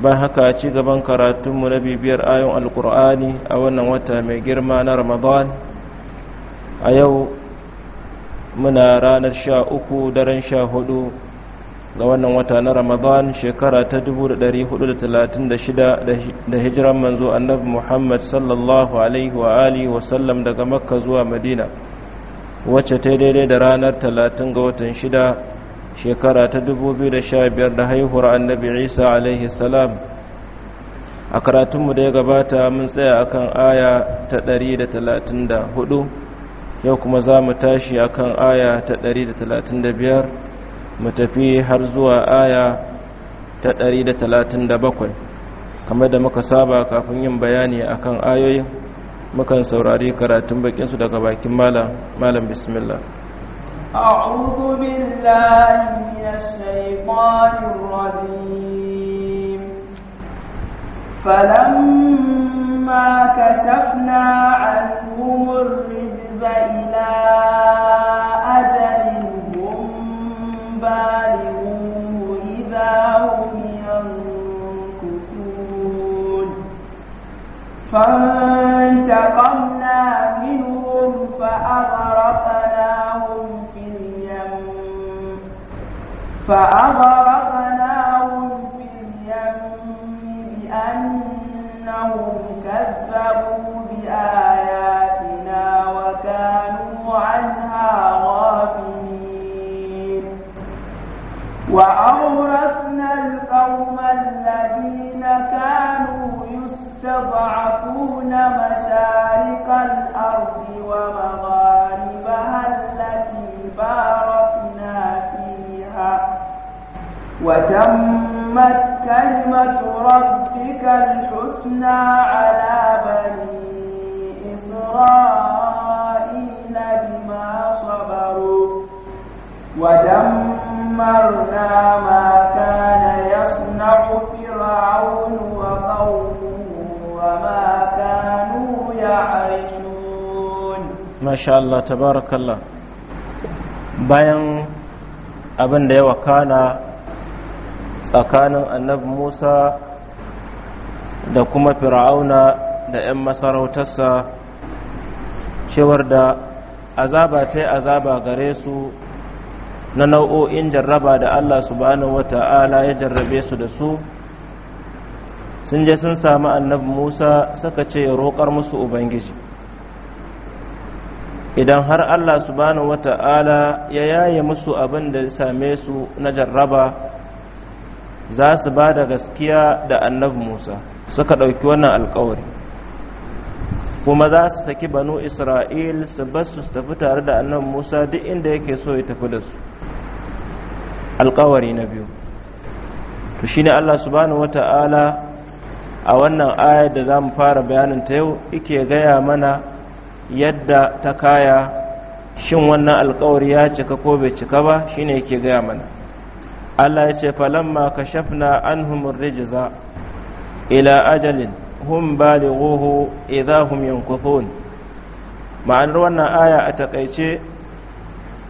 ba haka ci gaban karatunmu na bibiyar ayon alkur'ani a wannan wata mai girma na ramadan a yau muna ranar sha uku daren sha hudu ga wannan wata na ramadan shekara ta dubu da hijiran manzo annabi muhammad sallallahu alaihi wa alihi wasallam daga makka zuwa madina wacce ta daidai da ranar 30 ga watan shida shekara ta 2015 da haihuwar annabi isa alaihi salam a karatunmu da ya gabata mun tsaya akan aya ta 134 yau kuma za mu tashi akan aya ta 135 mu tafi har zuwa aya ta 137 kamar da muka saba kafin yin bayani akan ayoyin mukan saurari karatun bakinsu daga bakin malam malam bismillah أعوذ بالله من الشيطان الرجيم فلما كشفنا عنهم الرجز إلى أجل هم بالغوا إذا هم ينكثون فانتقمنا منهم فأغرقنا آبار وتمت كلمة ربك الحسنى على بني إسرائيل بما صبروا ودمرنا ما كان يصنع فرعون وقومه وما كانوا يعرشون ما شاء الله تبارك الله bayan abin da ya wakana tsakanin annabi musa da kuma fir'auna da 'yan masarautarsa cewar da azaba ta azaba gare su na nau'o'in jarraba da allah subhanahu ta'ala ya jarrabe su da su sun je sun sami annabi musa suka ce ya roƙar musu ubangiji idan har allah subhanahu ta'ala ya yaye musu abin da same su na jarraba za su ba da gaskiya da annabi musa suka ɗauki wannan alkawari kuma za su saki banu isra'il su ba su tafi tare da annabi musa duk inda yake so ya tafi da su alkawari na biyu to shine allah subhanahu wata'ala a wannan aya da za mu fara bayanin ta yau ike gaya mana yadda ta kaya shin wannan alkawari ya cika ko bai cika ba shine yake gaya mana Allah ya ce falamma kashafna anhum rijza ila ajalin hum balighuhu idza hum yankuthun ma'anar wannan aya a takaice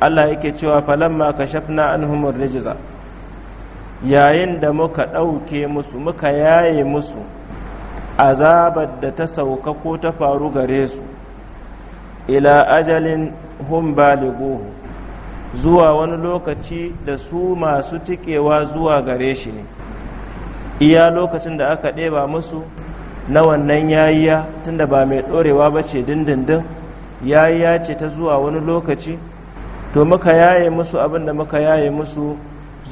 Allah yake cewa falamma kashafna anhum rijza yayin da muka ɗauke musu muka yaye musu azabar da ta sauka ko ta faru gare su ila ajalin hum balighuhu zuwa wani lokaci da su masu tikewa zuwa gare shi ne iya lokacin da aka ɗeba musu na wannan yayiya tunda ba mai ɗorewa ba ce dindindin yayiya ce ta zuwa wani lokaci to muka yaye musu abin da muka yaye musu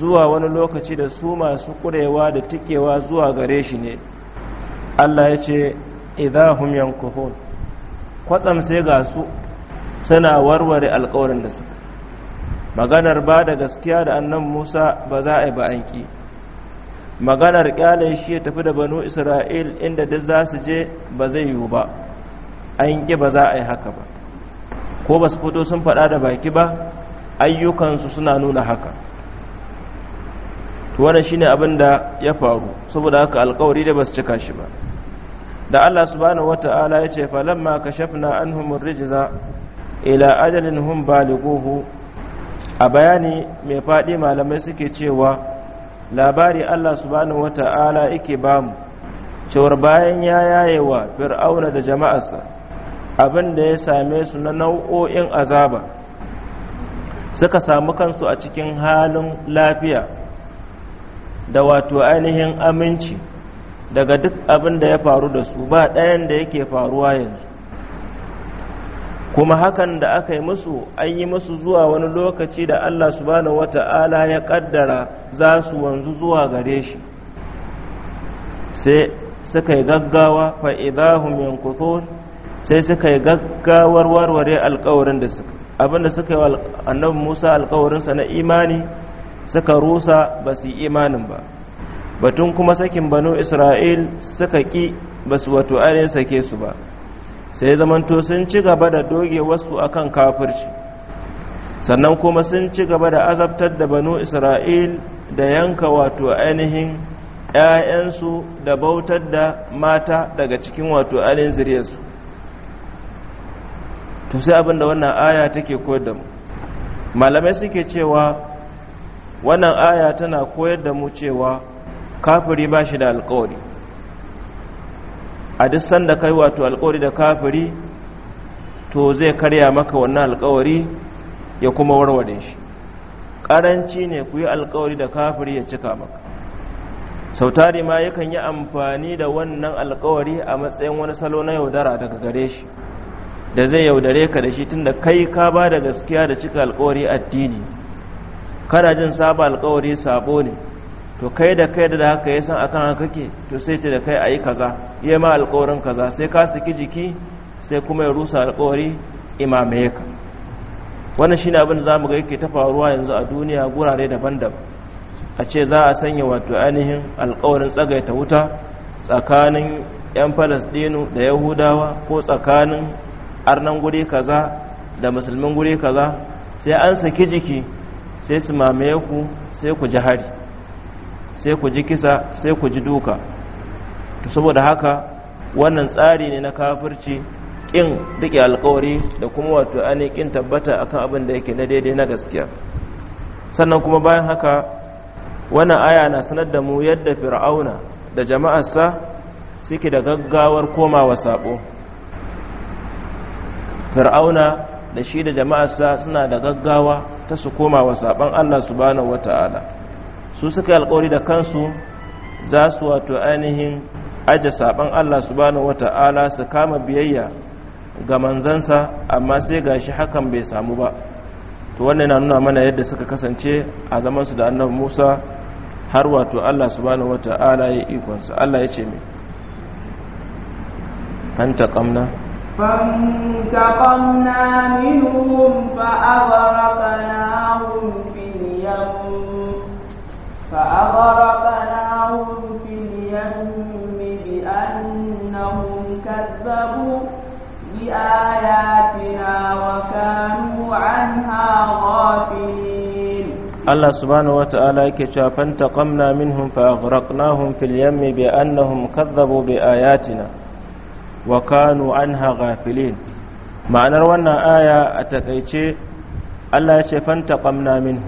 zuwa wani lokaci da su masu ƙurewa da tikewa zuwa gare shi ne allah ya ce idahun yankuhun kwatsam sai ga su suna warware alkawarin da suka maganar ba da gaskiya da annan musa ba za a yi ba an ƙi maganar ƙyale shi ya tafi da banu isra'il inda duk za su je ba zai yiwu ba an ƙi ba za a yi haka ba ko ba su fito sun faɗa da baki ba ayyukansu suna nuna haka wannan shine abin da ya faru saboda haka alƙawari da basu su cika shi ba da Allah subhanahu wata'ala ya ce falamma kashafna anhum rijza ila ajalin hum balighuhu a bayani mai faɗi malamai suke cewa labari Allah subhanahu wata'ala yake bamu cewar bayan ya yaye wa fir'auna da jama'arsa abinda ya same su na nau'o'in azaba suka samu kansu a cikin halin lafiya da wato ainihin aminci daga duk abin da ya faru da su ba ɗayan da yake faruwa yanzu kuma hakan da aka yi musu an yi musu zuwa wani lokaci da Allah subhanahu wata'ala ya kaddara za su wanzu zuwa gare shi sai suka yi gaggawa fa'idahun yankuthun sai suka yi gaggawar warware alkawarin da suka abinda suka yi annabi musa alkawarinsa na imani suka rusa ba su imanin ba batun kuma sakin banu isra'il suka ƙi ba su wato ainihin sake su ba sai zamanto sun ci gaba da doge wasu akan kafirci sannan kuma sun ci gaba da azabtar da banu isra'il da yanka wato ainihin 'ya'yansu da bautar da mata daga cikin wato ainihin zuriyarsu to sai abinda wannan aya take koyar da mu malamai suke cewa wannan aya tana koyar da mu cewa kafiri ba shi da alkawari a duk sanda kai wato alkawari da kafiri to zai karya maka wannan alkawari ya kuma warware shi karanci ne ku yi alkawari da kafiri ya cika maka sautari ma yakan yi amfani da wannan alkawari a matsayin wani salo na yaudara daga gare shi da zai yaudare ka da shi tunda kai ka ba da gaskiya da cika alkawari addini kana jin saba alkawari sabo ne to kai da kai da haka ya san akan haka kake to sai ce da kai a yi kaza ya ma alƙawarin kaza sai ka saki jiki sai kuma ya rusa alkawari imamaye ka wannan ne abin za mu ga yake ta faruwa yanzu a duniya gurare daban-daban a ce za a sanya wato ainihin alƙawarin tsagaita wuta tsakanin 'yan falasdinu da yahudawa ko tsakanin arnan guri kaza da musulmin guri kaza sai an saki jiki sai su mamaye ku sai ku ji hari sai ku ji kisa sai ku ji duka to saboda haka wannan tsari ne na kafirci kin rike alƙawari da kuma wato ani kin tabbata akan abin da yake na daidai na gaskiya sannan kuma bayan haka wannan aya na sanar da mu yadda fir'auna da jama'arsa suke da gaggawar komawa sabo fir'auna da shi da jama'arsa suna da gaggawa ta su komawa saban Allah subhanahu wataala su suka yi alkawari da kansu za su wato ainihin aje saban Allah subhanahu wata'ala su kama biyayya ga manzansa amma sai gashi hakan bai samu ba to wannan na nuna mana yadda suka kasance a zaman su da annabi Musa har wato Allah subhanahu wata'ala ya ikon su Allah ya ce mai fantaqamna fantaqamna minhum fil فأغرقناهم في اليم بأنهم كذبوا بآياتنا وكانوا عنها غافلين الله سبحانه وتعالى يكشف فانتقمنا منهم فأغرقناهم في اليم بأنهم كذبوا بآياتنا وكانوا عنها غافلين ma'anar wannan aya a takaice Allah ya ce fanta ƙamna minhu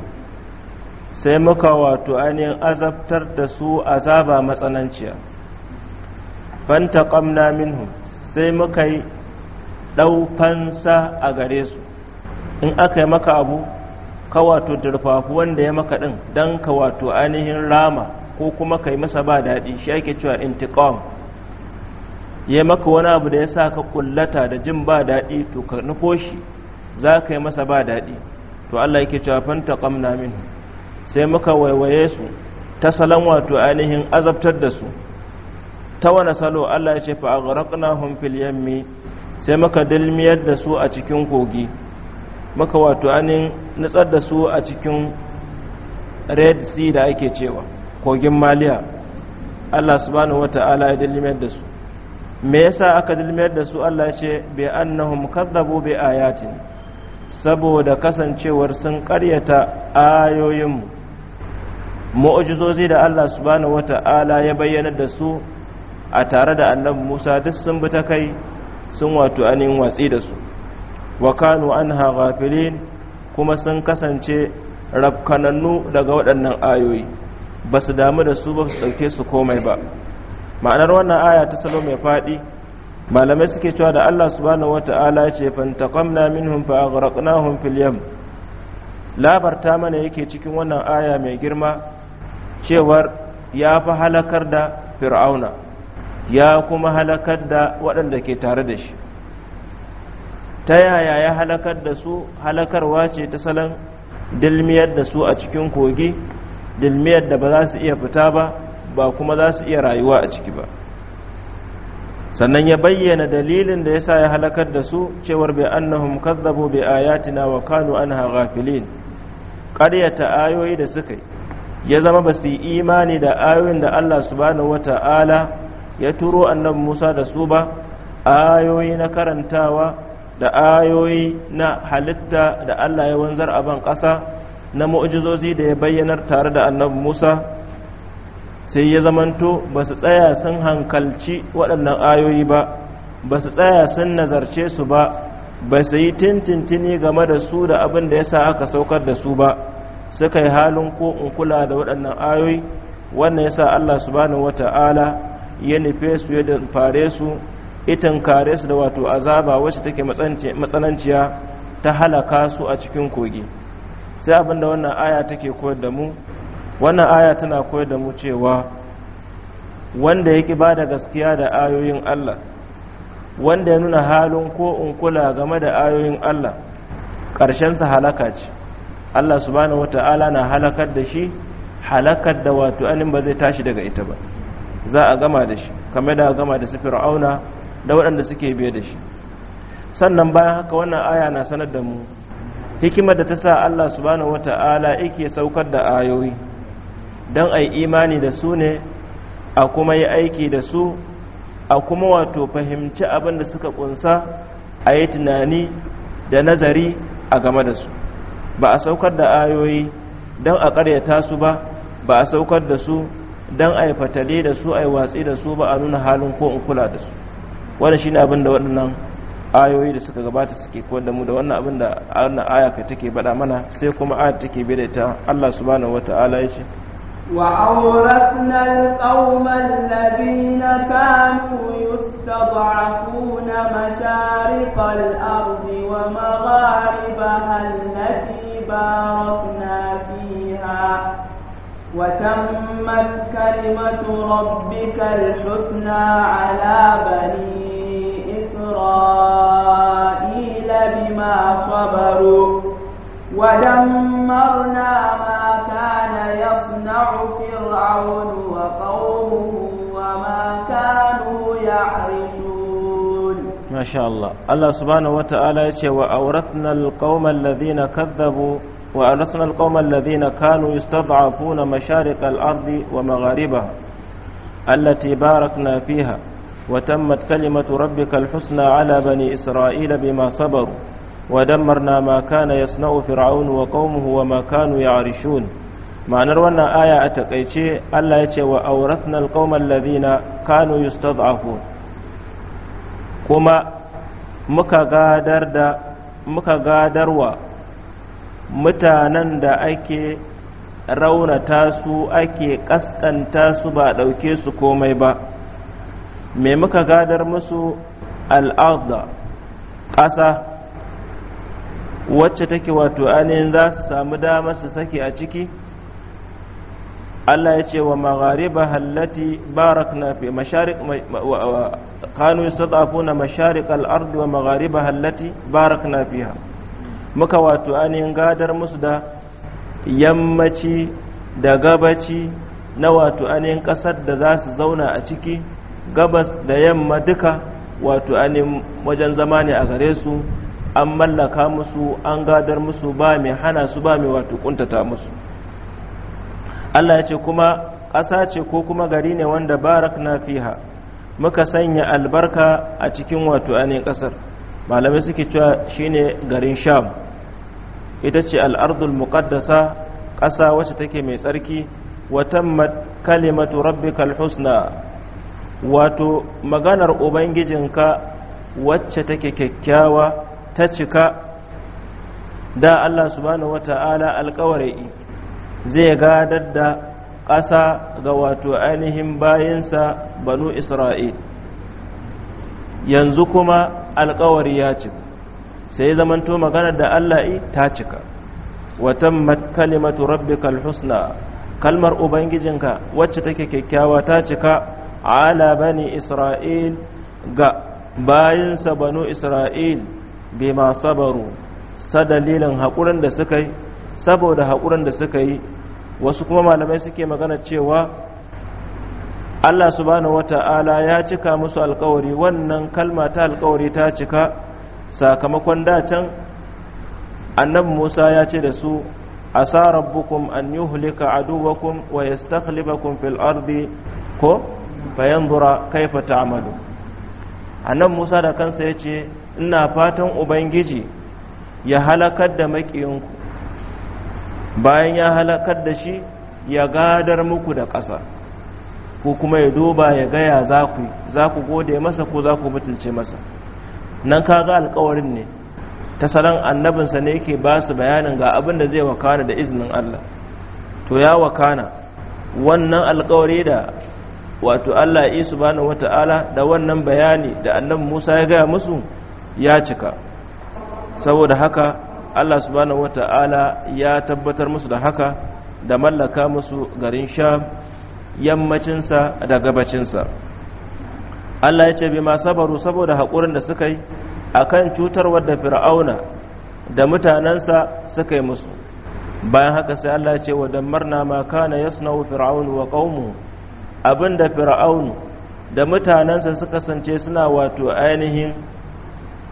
sai muka wato ainihin azabtar da su azaba matsananciya fanta ƙamna minhu sai muka yi ɗaufansa a gare su in aka yi maka abu ka wato durfafu wanda ya maka ɗin don ka wato ainihin rama ko kuma ka yi masa ba daɗi shi ake cewa intiƙam ya maka wani abu da ya sa ka kullata da jin ba daɗi to ka nufo shi za ka yi masa ba daɗi to Allah yake cewa fanta ƙamna minhu sai muka waiwaye su ta salon wato ainihin azabtar da su ta wani salo Allah ya ce fa aghraqnahum fil yammi sai muka dalmiyar da su a cikin kogi muka wato ainihin nutsar da su a cikin red sea da ake cewa kogin maliya Allah subhanahu wata'ala ya dalmiyar da su me yasa aka dalmiyar da su Allah ya ce bi annahum kadzabu bi ayatin saboda kasancewar sun karyata ayoyinmu mu'ujizozi da Allah subhanahu wata'ala ya bayyana da su a tare da annabi Musa duk sun bi ta kai sun wato anin watsi da su wa kanu anha ghafilin kuma sun kasance rabkanannu daga waɗannan ayoyi ba su damu da su ba su ɗauke su komai ba ma'anar wannan aya ta salo mai faɗi malamai suke cewa da Allah subhanahu wata'ala ce fantaqamna minhum fa aghraqnahum fil yam labarta mana yake cikin wannan aya mai girma cewar ya fi halakar da fir'auna ya kuma halakar da waɗanda ke tare da shi ta yaya ya halakar da su halakarwa ce ta salon dilmiyar da su a cikin kogi dilmiyar da ba za su iya fita ba ba kuma za su iya rayuwa a ciki ba sannan ya bayyana dalilin da ya sa ya halakar da su cewar bai annahum kazzabu bai ayatina wa kanu anha ghafilin ƙaryata ayoyi da suka yi ya zama ba su yi imani da ayoyin da Allah su subhanahu wata'ala ya turo annabi Musa da su ba ayoyi na karantawa da ayoyi na halitta da Allah ya wanzar a ban ƙasa na mu'jizozi da ya bayyanar tare da annabi Musa sai ya zamanto ba su tsaya sun hankalci waɗannan ayoyi ba ba su tsaya sun nazarce su ba ba su yi tintintini game da su da abin da ya sa aka saukar da su ba suka yi halin ko in kula da waɗannan ayoyi wannan yasa Allah subhanahu wata'ala ya nufe su ya fare su itan kare su da wato azaba wacce take matsananciya ta halaka su a cikin kogi sai abinda wannan aya take koyar da mu wannan aya tana koyar da mu cewa wanda ya ba da gaskiya da ayoyin Allah wanda ya nuna halin ko in kula game da ayoyin Allah ƙarshensa halaka ce Allah subhanahu wata'ala na halakar da shi halakar da wato anin ba zai tashi daga ita ba za a gama da shi kamar da gama da su fir'auna da waɗanda suke biye da shi sannan bayan haka wannan aya na sanar da mu hikimar da ta sa Allah subhanahu wata'ala yake saukar da ayoyi don a yi imani da su ne a kuma yi aiki da su a kuma wato fahimci abin da suka kunsa a yi tunani da nazari a game da su ba a saukar da ayoyi don a karyata su ba ba a saukar da su don a yi fatale da su a yi watsi da su ba a nuna halin ko in kula da su Wani shi ne abin da waɗannan ayoyi da suka gabata suke ko da mu da wannan abin da wannan aya ka take baɗa mana sai kuma aya take bai da ita Allah subhanahu wata'ala ya ce وأورثنا القوم الذين كانوا باركنا فيها وتمت كلمة ربك الحسنى على بني إسرائيل بما صبروا ودمرنا ما كان يصنع فرعون وقومه وما كانوا يعرفون masha Allah Allah subhanahu wata'ala ya ce wa auratnal alqawma alladhina kadhabu wa auratna alqawma alladhina kanu yustad'afuna mashariq ardi wa magharibaha allati barakna fiha وتمت كلمة ربك الحسنى على بني إسرائيل بما صبروا ودمرنا ما كان يصنع wa وقومه وما كانوا yarishun ma'anar wannan aya a takaice Allah ya ce wa auratnal alqaumal ladina kanu yustad'afun kuma muka gadar da muka gadarwa mutanen da ake raunata su ake kaskanta su ba ɗauke su komai ba me muka gadar musu al'adha ƙasa wacce take wato ainihin za su samu damar su sake a ciki Allah ya ce wa maghariba hallati barakna fi kanu yastadafuna masharikal ardi wa magharibaha allati barakna fiha muka wato ainihin gadar musu da yammaci da gabaci na wato ainihin kasar da za su zauna a ciki gabas da yamma duka wato ainihin wajen zama ne a gare su an mallaka musu an gadar musu ba mai hana su ba mai wato kuntata musu Allah ya ce kuma ƙasa ce ko kuma gari ne wanda barak na fiha muka sanya albarka a cikin wato ainihin kasar malamai suke cewa shine garin sham ita ce al'ardul muqaddasa ƙasa wacce take mai tsarki watammat kalimatu rabbikal husna wato maganar ubangijinka wacce take kyakkyawa ta cika da Allah subhanahu wata'ala alƙawari zai gadar da ƙasa ga wato ainihin bayansa banu isra'il yanzu kuma alkawari ya cika sai zamanto maganar da Allah ta cika watan kalimatu rabbikal husna kalmar ubangijinka wacce take kyakkyawa ta cika ala bani isra'il ga bayansa banu isra'il masu sabaru sa dalilin haƙurin da suka yi saboda haƙurin da suka yi wasu kuma malamai suke magana cewa Allah subhanahu wata'ala ya cika musu alkawari wannan kalma ta alkawari ta cika sakamakon dacan annabi Musa ya ce da su asa rabbukum an yuhlika aduwakum wa yastakhlifakum fil ardi ko fayanzura kaifa ta'malu annabi Musa da kansa ya ce ina fatan ubangiji ya halakar da makiyinku bayan ya halakar da shi ya gadar muku da ƙasa ko kuma ya duba ya gaya za ku za ku gode masa ko za ku mutunce masa nan kaga alkawarin ne ta salon annabinsa ne yake ba su bayanin ga abin da zai wakana da izinin Allah to ya wakana wannan alkawari da wato Allah isu bani wata'ala da wannan bayani da annabi Musa ya gaya musu ya cika saboda haka Allah subhanahu wata'ala ya tabbatar musu da haka da mallaka musu garin sham yammacinsa da gabacinsa Allah ya ce bi ma sabaru saboda haƙurin da suka yi a kan cutarwar da fir'auna da mutanensa suka yi musu bayan haka sai Allah ya ce wa damarna ma kana yasna'u fir'aunu wa qaumu abinda fir'aunu da mutanensa suka sance suna wato ainihin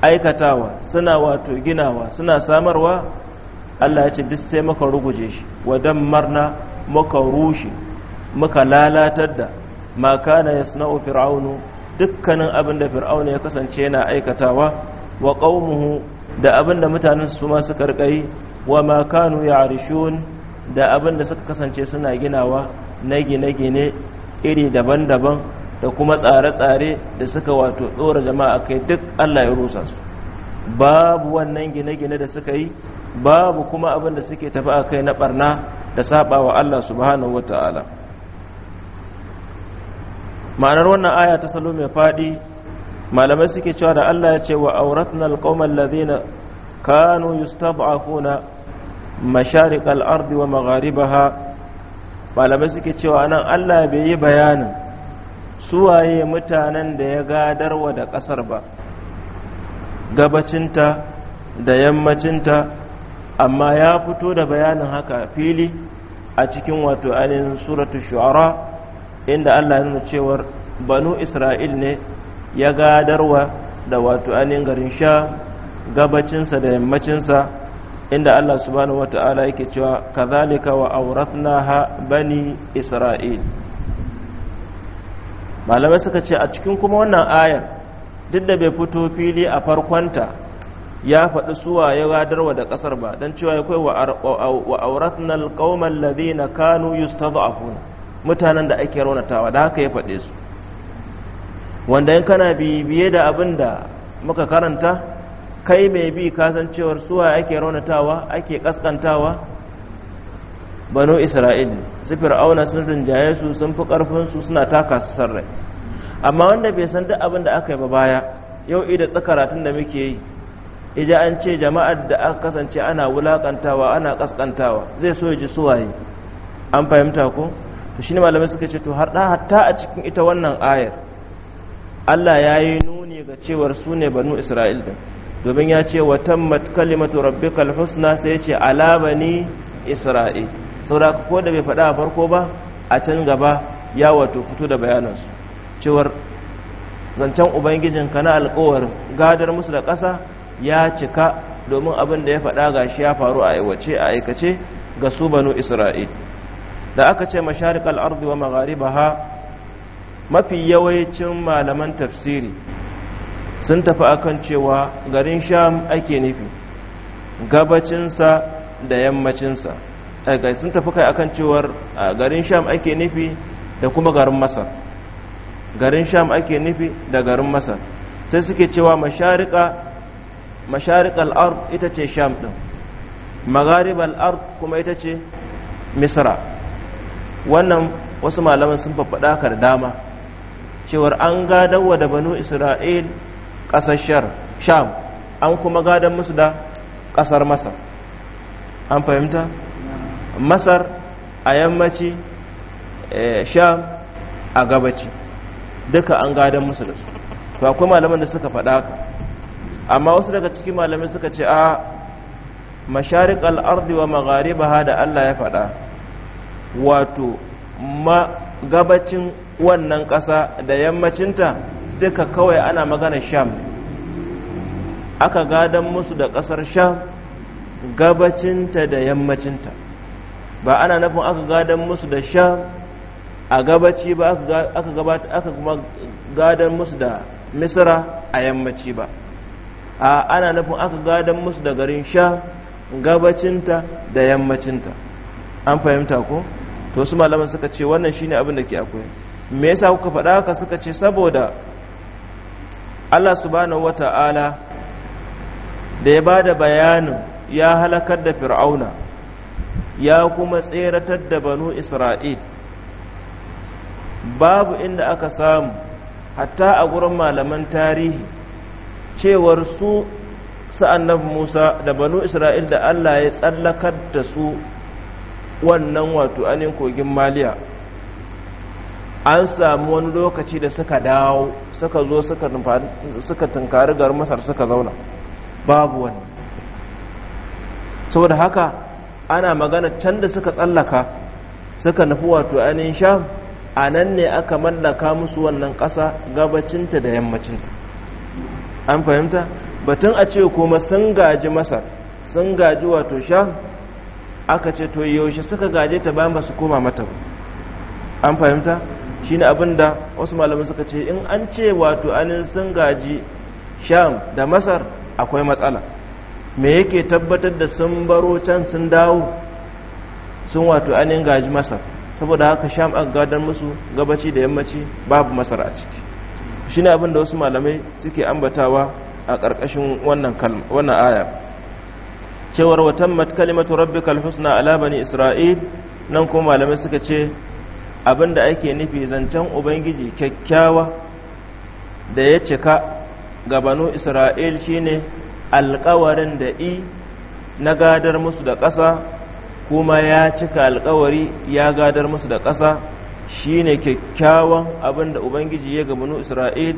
aikatawa suna wato ginawa suna samarwa Allah ya ce duk sai muka ruguje shi wadan marna muka rushe muka lalatar da ma kana yasna'u fir'aunu dukkanin abin da Fir'aunu ya kasance yana aikatawa wa qaumuhu da abin da mutanen su ma suka rikai wa ma kanu ya'rishun da abin da suka kasance suna ginawa na gine-gine iri daban-daban da kuma tsare-tsare da suka wato tsora jama'a kai duk Allah ya rusa su babu wannan gine-gine da suka yi babu kuma abin da suke tafi a kai na barna da saba Allah subhanahu wata'ala ma'anar wannan aya ta salo mai faɗi malamai suke cewa da Allah ya ce wa auratna alqaumal ladina kanu yustad'afuna mashariqal ardi wa magharibaha malamai suke cewa anan Allah bai yi bayanin Su waye mutanen da ya gadarwa da ƙasar ba gabacinta da yammacinta amma ya fito da bayanin haka fili a cikin wato ainihin suratu shu'ara inda Allah nuna cewar banu Isra'il ne ya gadarwa da wato ainihin garin sha gabacinsa da yammacinsa inda Allah subhanahu wata'ala yake cewa kazalika wa auratnaha bani Isra'il malamai suka ce a cikin kuma wannan ayar duk da bai fito fili a farkonta ya faɗi suwa ya gadarwa da ƙasar ba don cewa ya kai wa auratun alƙawar lalazi na kanu yustaza'afun mutanen da ake raunatawa da haka ya faɗe su wanda in kana bibiye da abin da muka karanta kai mai bi kasancewar suwa ake raunatawa ake ƙaskantawa banu isra'il su fir'auna sun rinjaye su sun fi karfin su suna taka su sarrai amma wanda bai san duk abin da aka yi ba baya yau ida tsakaratun da muke yi ija an ce jama'ar da aka kasance ana wulakantawa ana kaskantawa zai so ji suwaye an fahimta ko to shine malamai suka ce to har da hatta a cikin ita wannan ayar Allah ya yi nuni ga cewar su ne banu Isra'il din domin ya ce wa tammat kalimatu rabbikal husna sai ya ce ala bani Isra'il saura ko da bai faɗa a farko ba a can gaba ya wato fito da bayanansu cewar zancen ubangijinka na alkawar gadar musu da ƙasa ya cika domin abin da ya faɗa ga shi ya faru a aiwace a aikace ga su banu isra'il da aka ce masharik al'ardi wa magharibaha mafi yawancin malaman tafsiri sun tafi akan cewa garin sham ake nufi gabacinsa da yammacinsa Eh, sun tafi kai akan cewar eh, garin sham ake nufi da kuma garin masar garin sham ake nufi da garin masar sai suke cewa masharika al'ar ita ce sham ɗin magharibal al'ar kuma ita ce misra wannan wasu malaman sun faɗa kar dama cewar an gadawa da banu isra'il ƙasar sham an kuma gadan musu da ƙasar masar an fahimta masar a yammaci eh, sham a gabaci duka an gadon musu da su to akwai malaman da suka faɗa ka amma wasu daga cikin malamai suka ce a masharik al'ardi wa baha da Allah ya faɗa wato gabacin wannan ƙasa da yammacinta duka kawai ana maganar sham aka gadon musu da ƙasar sham gabacinta da yammacinta ba ana nufin aka gadon musu da sham a gabaci ba aka gabata aka kuma gadon musu da misra a yammaci ba a ana nufin aka gadon musu da garin sham gabacinta da yammacinta an fahimta ko to su malaman suka ce wannan shine abin da ke akwai me yasa kuka faɗa haka suka ce saboda Allah subhanahu wata'ala da ya bada bayanin ya halakar da fir'auna ya kuma tseratar da banu isra'il babu inda aka samu hatta a gurin malaman tarihi cewar su sa'annan musa da banu isra'il da allah ya tsallakar da su wannan wato anin kogin maliya an samu wani lokaci da suka dawo suka zo suka tunkari gar masar suka zauna babu wani saboda haka ana magana can da suka tsallaka suka nufi wato ainihin sha a nan ne aka mallaka musu wannan ƙasa gabacinta da yammacinta an fahimta batun a ce kuma sun gaji masar sun gaji wato sham aka ce to yaushe suka gaje ta bayan ba su koma mata an fahimta shi ne abinda wasu malamai suka ce in an ce wato anin sun gaji sham da masar akwai matsala me yake tabbatar da sun baro can sun dawo sun wato anin gaji masar saboda haka sham an gadar musu gabaci da yammaci babu masar a ciki shi ne abinda wasu malamai suke ambatawa a ƙarƙashin wannan aya cewar watan matkalimatu rabbi kalhusna na bani isra'il nan kuma malamai suka ce abinda ake nufi zancen ubangiji kyakkyawa da ya cika gabanu isra'il shine Alƙawarin da i na gadar musu da ƙasa kuma ya cika alkawari ya gadar musu da ƙasa shi ne kyakkyawan abin da ubangiji ya gabanu isra'il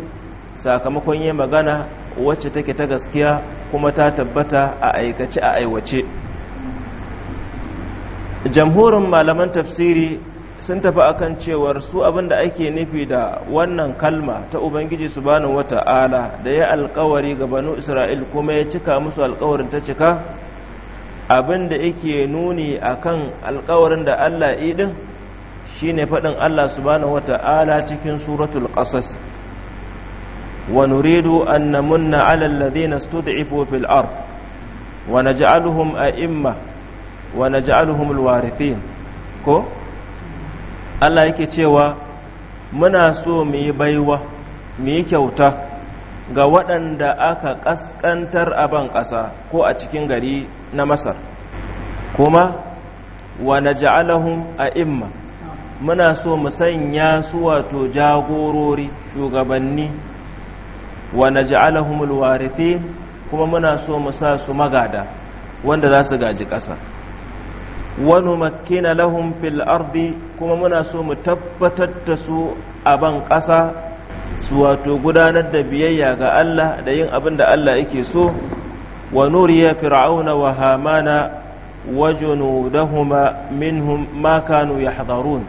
sakamakon ya magana wacce take ta gaskiya kuma ta tabbata a aikace a aiwace jamhurin malaman tafsiri sun tafi akan cewar su abinda ake nufi da wannan kalma ta ubangiji subhanahu wata'ala da ya alkawari ga banu isra'il kuma ya cika musu alkawarin ta cika abinda yake nuni akan alkawarin da Allah idin shine faɗin Allah subhanahu wata'ala cikin suratul qasas Wani nuridu an namunna 'ala alladhina istud'ifu fil ard wa naj'aluhum a'imma wa naj'aluhum alwarithin ko Allah yake cewa muna so mu yi baiwa mu yi kyauta ga waɗanda aka ƙasƙantar a ban ƙasa ko a cikin gari na masar kuma wa na a imma muna so mu sanya su wato jagorori shugabanni wa na ja'alahum kuma muna so mu sa su magada wanda za su gaji ƙasa wani makina lahum fil ardi kuma muna so mu tabbatar da su a ban ƙasa su wato gudanar da biyayya ga Allah da yin abin da Allah yake so wa nuriya fir'auna wa hamana wa junudahuma minhum ma kanu yahdharun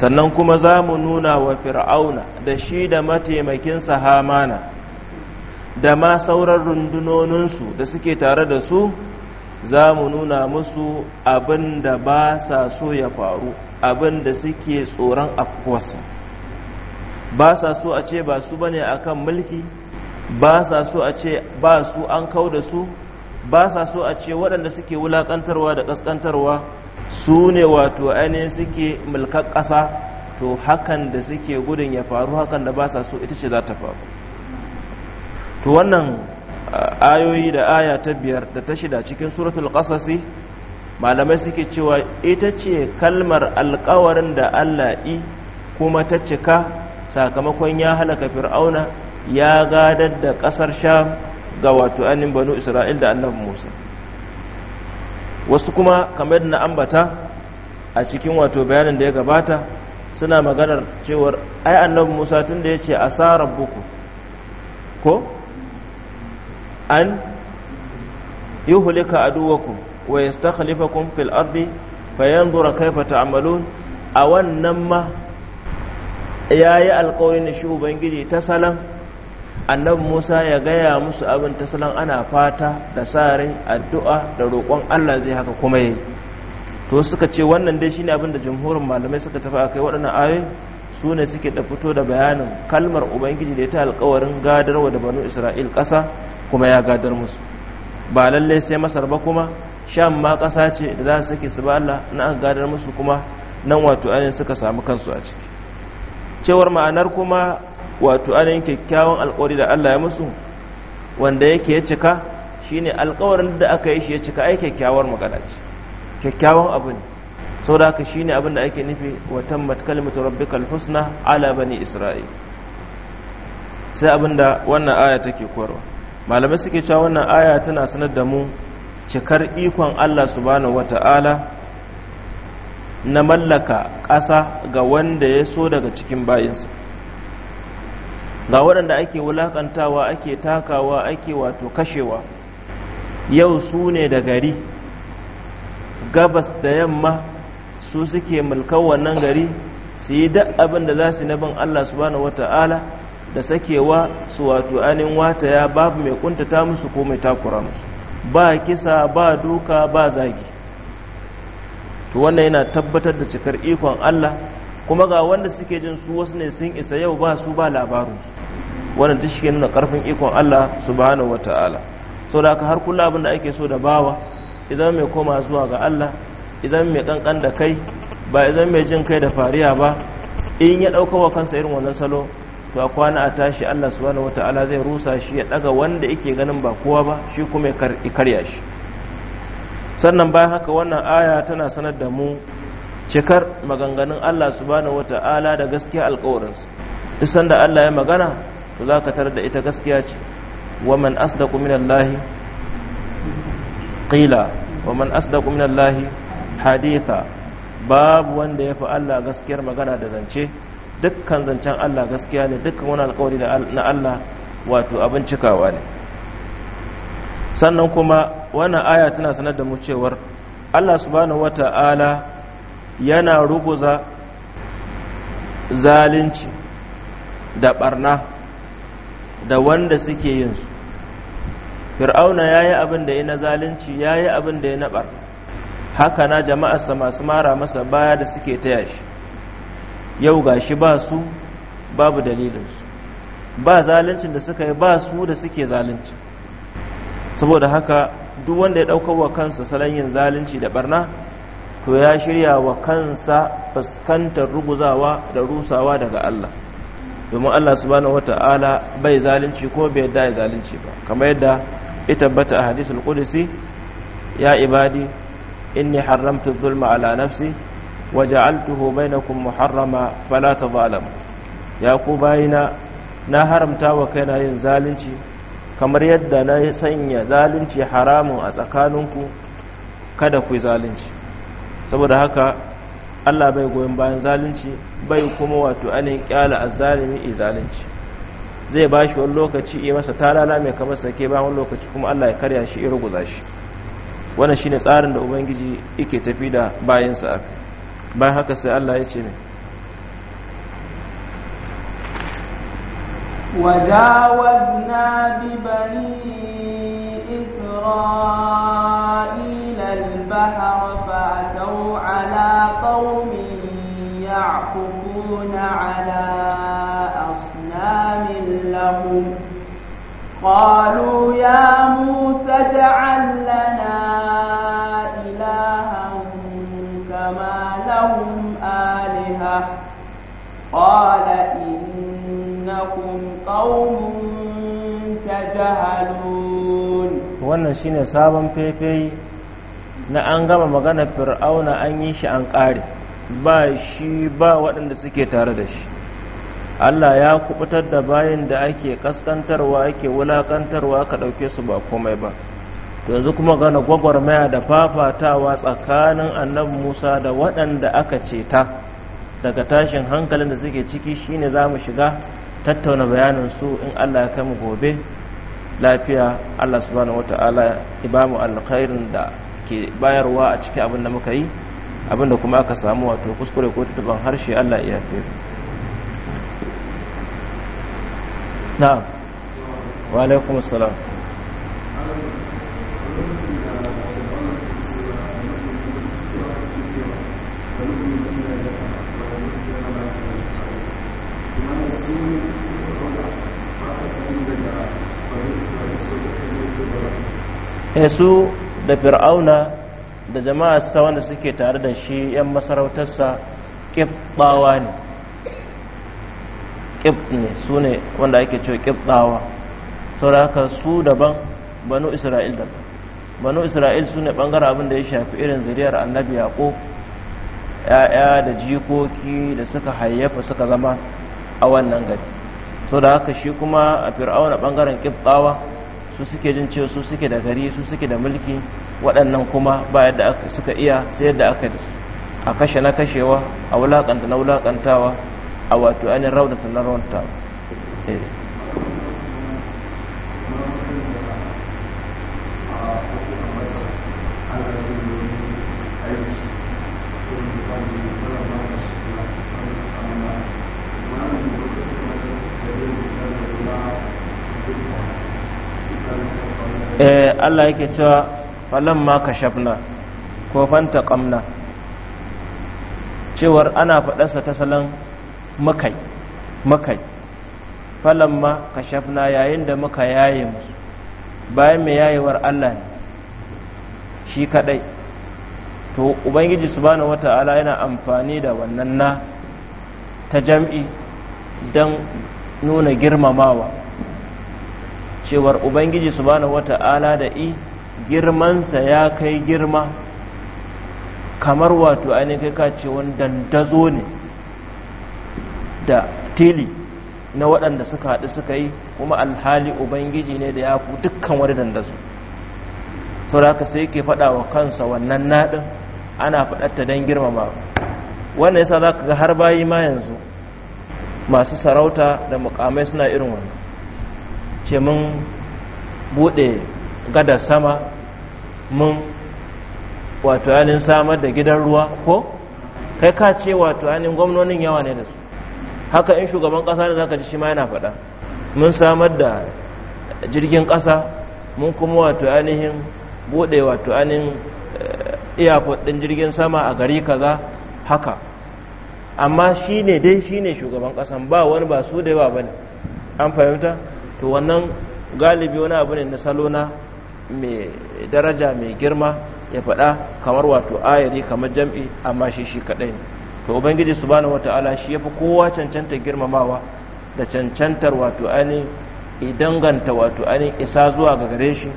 sannan kuma za mu nuna wa fir'auna da shi da mataimakin sa hamana da ma sauran rundunoninsu da suke tare da su za mu nuna musu abin da ba sa so ya faru abin da suke tsoron afuwarsa ba sa so a ce ba su bane akan mulki ba sa so a ce ba su an kau da su ba sa so a ce waɗanda suke wulaƙantarwa da ƙasƙantarwa su ne wato ainihin suke mulkar ƙasa to hakan da suke gudun ya faru hakan da ba sa so ita ce za ta faru to wannan ayoyi da aya ta biyar da ta shida cikin suratul qasasi malamai suke cewa ita ce kalmar alkawarin da Allah yi kuma ta cika sakamakon ya halaka fir'auna ya gadar da kasar sham ga wato anin banu isra'il da annabi musa wasu kuma kamar da na ambata a cikin wato bayanin da ya gabata suna maganar cewar ai annabi musa tun da ya ce asa rabbuku ko an yuhlika aduwakum wa yastakhlifakum fil ardi fayanzura kaifa ta'malun a wannan ma yayi alƙawarin shi ubangiji ta salam annabi Musa ya gaya musu abin ta salam ana fata da sare addu'a da roƙon Allah zai haka kuma yi. to suka ce wannan dai shine abin da jumhurin malamai suka tafi akai waɗannan ayoyi su ne suke da fito da bayanin kalmar ubangiji da ya ta alƙawarin gadarwa da banu Isra'il ƙasa kuma ya gadar musu ba lallai sai masar ba kuma sham ma kasa ce da za su sake su ba Allah na an gadar musu kuma nan wato ainihin suka samu kansu a ciki cewar ma'anar kuma wato ainihin kyakkyawan alƙawari da Allah ya musu wanda yake ya cika shine alƙawarin da aka yi shi ya cika ai kyakkyawar magana ce kyakkyawan abu ne saboda haka shine abin da ake nufi wa tammat kalimatu rabbikal husna ala bani isra'il sai abinda wannan aya take koyarwa malamai suke cewa wannan aya tana sanar da mu cikar ikon Allah subhanahu wata'ala na mallaka ƙasa ga wanda ya so daga cikin bayinsa ga waɗanda ake wulaƙantawa ake takawa ake wato kashewa yau su ne da gari gabas da yamma su suke mulkar wannan gari su yi duk abin da za su nabin Allah subhanahu wata'ala da sakewa su wato anin wata ya babu mai kuntata musu ko mai takura musu ba kisa ba duka ba zagi to wannan yana tabbatar da cikar ikon Allah kuma ga wanda suke jin su wasu ne sun isa yau ba su ba labaru wannan duk shi nuna karfin ikon Allah subhanahu wataala da haka har kullu abin da ake so da bawa idan mai koma zuwa ga Allah idan mai kankan da kai ba idan mai jin kai da fariya ba in ya dauka wa kansa irin wannan salo to a kwana a tashi Allah subhanahu wata'ala zai rusa shi ya daga wanda yake ganin ba kowa ba shi kuma ya karya shi sannan bayan haka wannan aya tana sanar da mu cikar maganganun Allah subhanahu wata'ala da gaskiya sa duk sanda Allah ya magana to za tar da ita gaskiya ce wa man asdaqu minallahi qila wa man asdaqu minallahi haditha babu wanda ya fi Allah gaskiyar magana da zance dukkan zancen Allah gaskiya ne dukkan wani alkawari na Allah wato abin cikawa ne sannan kuma wannan aya tana sanar da mu cewar Allah subhanahu wata'ala yana ruguza zalunci da barna da wanda suke yin su fir'auna ya yi abin da ya na zalunci yi abin da ya na barna haka na jama'arsa masu mara masa baya da suke taya shi yau ga shi ba su babu dalilinsu ba zaluncin da suka yi ba su da suke zalunci saboda haka duk wanda ya ɗaukar wa kansa salon yin zalunci da barna to ya shirya wa kansa fuskantar ruguzawa da rusawa daga Allah domin Allah subhanahu wata'ala bai zalunci ko bai yadda ya zalunci ba kamar yadda ita bata a hadisul qudsi ya ibadi inni haramtu dhulma ala nafsi waja'altuhu bainakum muharrama fala tadhalamu ya ku bayina na haramta wa kaina yin zalunci kamar yadda na sanya zalunci haramun a tsakaninku kada ku yi zalunci saboda haka Allah bai goyon bayan zalunci bai kuma wato anin kyala azzalimi i zalunci zai bashi wani lokaci iya masa talala mai kamar sake ba wani lokaci kuma Allah ya karya shi iri guza shi wannan shine tsarin da ubangiji yake tafi da bayansa a bayan haka sai Allah ya ce ne wajawazna bi bani isra'ila al-bahra wannan shine sabon fefeyi na an gama magana fir'auna an yi shi an kare ba shi ba waɗanda suke tare da shi Allah ya kubutar da bayan da ake kaskantarwa ake wulakantarwa ka ɗauke su ba komai ba yanzu kuma gana gwagwarmaya da fafatawa tsakanin annabi musa da waɗanda aka ceta daga tashin hankalin da suke ciki shine za mu shiga tattauna bayanin su in Allah ya kai mu gobe lafiya Allah subhanahu wata'ala ya ba mu alkhairin da ke bayarwa a cikin abin da muka yi abin da kuma aka samu wato kuskure ko tutuban harshe Allah ya fi na'am wa alaikum assalam Thank you. Eh, su da fir'auna da sa wanda suke tare da shi 'yan masarautarsa ƙibbawa ne ƙib ne su ne wanda ake cewa da sauraka su daban banu isra'il daban banu isra'il su ne ɓangaren abin da ya shafi irin zuriyar annabi yaƙo ya'ya da jikoki da suka hayyafa suka zama a wannan gari sau da haka shi kuma a fir'auna bangaren kiftawa su suke jin cewa su suke da gari su suke da mulki waɗannan kuma ba yadda suka iya sai yadda aka da a kashe na kashewa a wulaƙanta na wulaƙantawa a wato ainihin raunata na raunatawa eh. Allah yake cewa falon ma kashafna ko fanta kamna cewar ana faɗansa ta salon makai makai falon ma kashafna yayin da muka yaye musu bayan mai yayewar Allah ne shi kadai to ubangiji subhanahu wata'ala yana amfani da wannan na ta jam'i don nuna girmamawa cewar ubangiji subhanahu wata'ala da i girmansa ya kai girma kamar wato ainihin kai ka ce wani dandazo ne da tili na waɗanda suka haɗu suka yi kuma alhali ubangiji ne da ya fi dukkan wani dandazo sau da haka sai ke faɗa wa kansa wannan naɗin ana faɗatta don girmama wannan yasa za ka ga har bayi ma yanzu masu sarauta da mukamai suna irin wannan ce mun buɗe gada sama mun wato yanin samar da gidan ruwa ko kai ka ce wato yanin gwamnonin yawa ne da su haka in shugaban kasa ne za ka ji shi ma yana faɗa mun samar da jirgin kasa mun kuma wato ainihin buɗe wato ainihin eh, iya ɗin jirgin sama a gari kaza haka amma shi dai shi ne shugaban kasan ba wani ba su da yawa ba ne an fahimta to wannan galibi wani abu ne na salo na mai daraja mai girma ya faɗa kamar wato ayari kamar jam'i amma shi shi kaɗai ne to ubangiji subhanahu wata'ala shi ya fi kowa cancanta girmamawa da cancantar wato ainihin danganta wato ainihin isa zuwa ga gare shi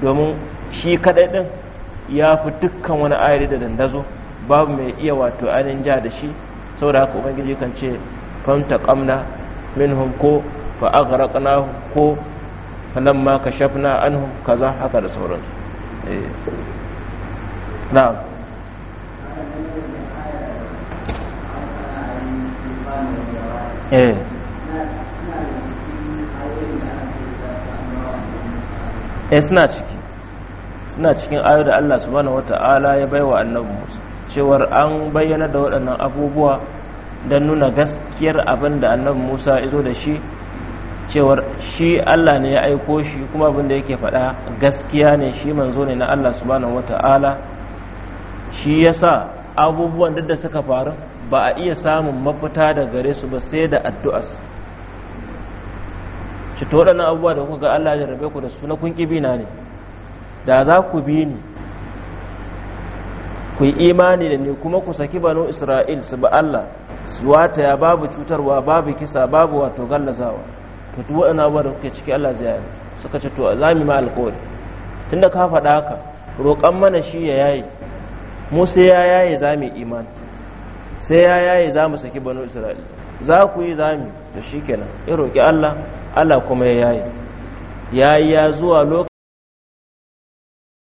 domin shi kaɗai ɗin ya fi dukkan wani ayari da dandazo babu mai iya wato anin ja da shi saboda haka ubangiji kan ce famta ƙamna minhum ko fa aghraqnahu ko falamma kashafna anhum kaza haka da sauransu eh eh eh suna ciki suna cikin ayo da Allah subhanahu wata'ala ya baiwa annabi Musa cewar an bayyana da waɗannan abubuwa don nuna gaskiyar abinda da annabi Musa ya zo da shi cewar shi Allah ne ya aiko shi kuma abin da yake faɗa gaskiya ne shi manzo ne na Allah subhanahu wata'ala shi yasa abubuwan duk da suka faru ba a iya samun mafita da gare su ba sai da addu'as ci to waɗannan abubuwa da kuka Allah ya rabe ku da su na kun ƙi na ne da za ku bi ni ku yi imani da ni kuma ku saki banu Isra'il su ba Allah su wata ya babu cutarwa babu kisa babu wato gallazawa to duk waɗannan abubuwan da kuke ciki Allah zai yi suka ce to za mu ma alƙawari tunda ka faɗa haka roƙan mana shi ya yayi mu sai ya yayi za mu imani sai ya yayi za mu saki banu israil za ku yi za mu to shikenan ya roƙi Allah Allah kuma ya yayi yayi ya zuwa